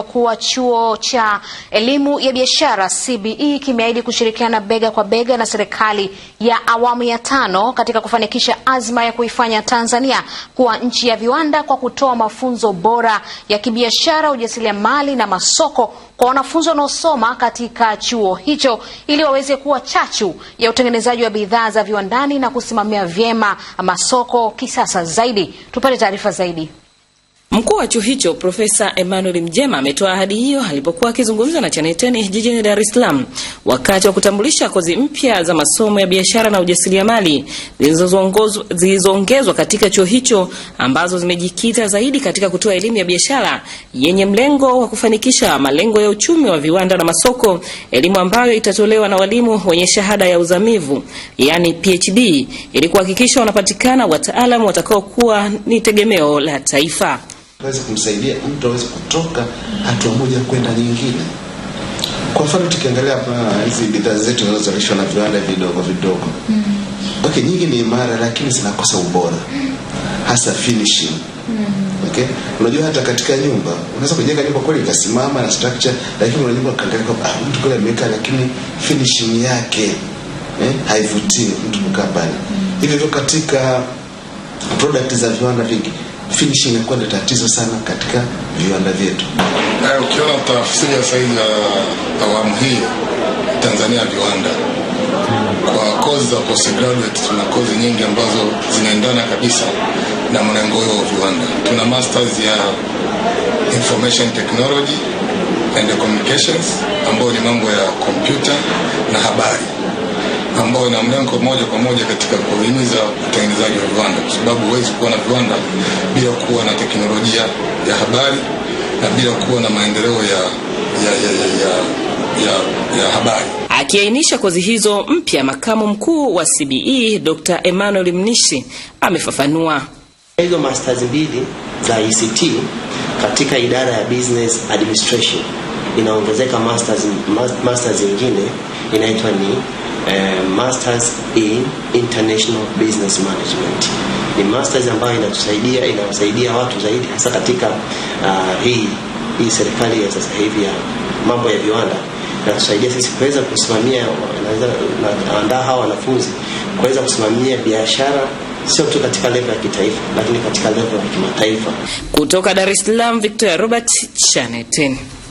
kuwa chuo cha elimu ya biashara CBE kimeahidi kushirikiana bega kwa bega na serikali ya awamu ya tano katika kufanikisha azma ya kuifanya Tanzania kuwa nchi ya viwanda kwa kutoa mafunzo bora ya kibiashara, ujasiriamali na masoko kwa wanafunzi wanaosoma katika chuo hicho ili waweze kuwa chachu ya utengenezaji wa bidhaa za viwandani na kusimamia vyema masoko kisasa zaidi. Tupate taarifa zaidi. Mkuu wa chuo hicho Profesa Emmanuel Mjema ametoa ahadi hiyo alipokuwa akizungumza na Channel 10 jijini Dar es Salaam wakati wa kutambulisha kozi mpya za masomo ya biashara na ujasiriamali zilizoongezwa katika chuo hicho ambazo zimejikita zaidi katika kutoa elimu ya biashara yenye mlengo wa kufanikisha malengo ya uchumi wa viwanda na masoko, elimu ambayo itatolewa na walimu wenye shahada ya uzamivu yani PhD ili kuhakikisha wanapatikana wataalamu watakaokuwa ni tegemeo la taifa aweze kumsaidia mtu aweze kutoka hatua moja kwenda nyingine. Kwa mfano tukiangalia hapa hizi bidhaa zetu zinazozalishwa na viwanda vidogo vidogo mm. Okay, nyingi ni imara lakini zinakosa ubora mm-hmm. hasa finishing mm. Okay, unajua hata katika nyumba unaweza kujenga nyumba kweli ikasimama na structure, lakini una nyumba ukaangalia kwa ah, mtu kule ameweka, lakini finishing yake eh, haivutii mtu mkaa pale mm. hivyo katika product za viwanda vingi finishing imekuwa tatizo sana katika viwanda vyetu. Eh, ukiona ya saizi ya awamu hii Tanzania ya viwanda kwa kozi za postgraduate, tuna kozi nyingi ambazo zinaendana kabisa na mlengo huo wa viwanda. Tuna masters ya information technology and communications ambayo ni mambo ya kompyuta na habari ambavyo ina mlengo moja kwa moja katika kuhimiza utengenezaji wa viwanda, kwa sababu huwezi kuwa na viwanda bila kuwa na teknolojia ya habari na bila kuwa na maendeleo ya, ya, ya, ya, ya, ya, ya habari. Akiainisha kozi hizo mpya, makamu mkuu wa CBE Dr. Emmanuel Mnishi amefafanua hizo masters mbili za ICT e katika idara ya business administration inaongezeka masters, masters nyingine inaitwa ni Eh, masters in international business management. Ni masters ambayo inatusaidia inawasaidia watu zaidi hasa katika uh, hii hii serikali ya sasa hivi ya mambo ya viwanda inatusaidia sisi kuweza kusimamia naandaa hawa wanafunzi kuweza kusimamia biashara sio tu katika level ya kitaifa lakini katika level ya kimataifa. Kutoka Dar es Salaam, Victoria Robert, Channel